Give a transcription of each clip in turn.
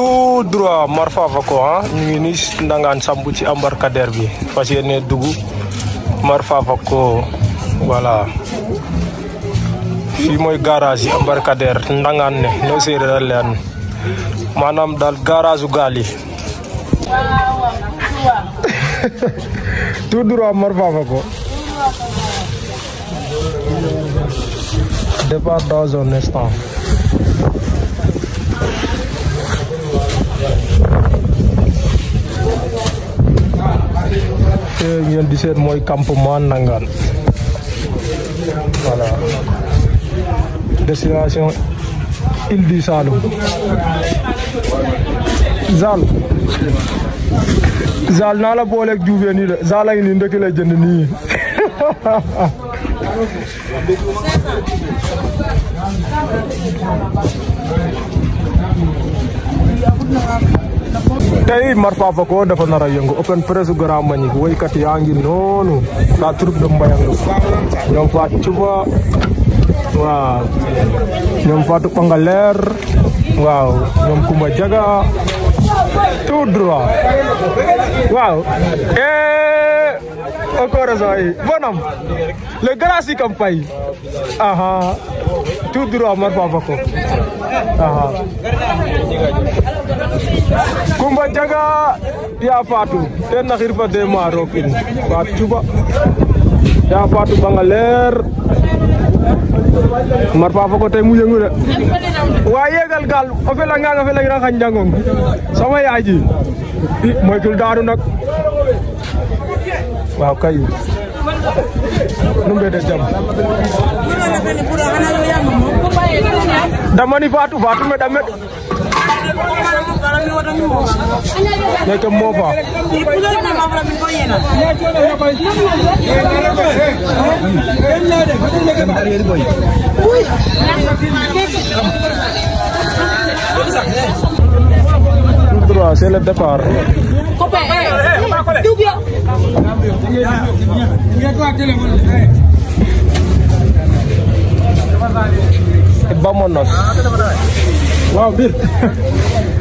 tout droit marfafa ko ha ñu ngi ni ndangaan sambu ci embarcadère bi fas dugu dugg marfafa ko voilà fii mooy garage yi embarcadère ndangaan ne no séeréer leen maanaam daal garage tout droit ko départ dans un instant te ngeen di seet mooy campement Nangaan voilà destination île du Saloum Zal Zal naa la booleeg juufee nii de Zal a ngi nii nii tey Marfa Fako dafa nar a yëngu open presse Grand Mbagnick woykat yaa ngi noonu la troupe de Mbayang ñoom Fatou Thiouba waaw ñoom Fatou Pangaleer waaw ñoom Kumba Jaga tout droit waaw e coraison yi bonam le grâce campagne aha tout droit Marfa Fako aha jaga Ya Fatou ten na xir fa de ma roog in Fatou Cuba Ya mar fa fogo tey mu yëngu de waa yegal gaal o felangang a felangiran xan jangong sama yaay ji i daanu nak waaw kay nu mbede jam damani Fatou Fatou me damet nekk moo fa tout Wow, bir.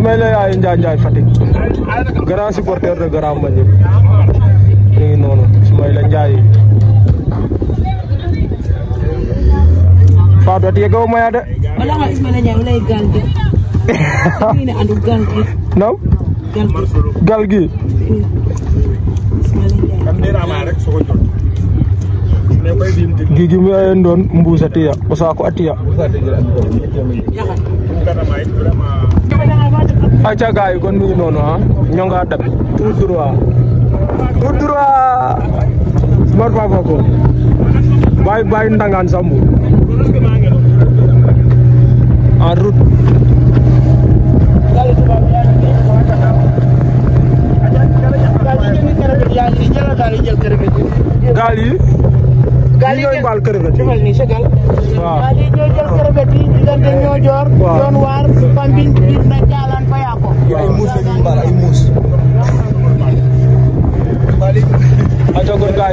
Ismaïla Yaye Ndiaye Ndiaye Fatick grand supporter de Grand Mbagnick ñu ngi noonu Ismaïla Ndiaye Fatou at maya de bala nga Ismaïla Ndiaye lay gal gi gal gi naw gal gi gigi mi ayen ya. mbusa tiya o sako Aja gaay yi kon mi ngi noonu ah ñoo ngaa tout droit tout droit Mor Fafo foko bay bay ndangan sambu en route gali yi gaal yi ñooy mbaal crevettes yi defal nii sa gaal waaw gaal na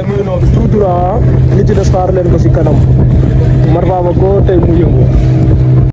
gars yi mu ngi noonu tout droit li ci des xaar ko si kanam Mar ko tey mu yëngu.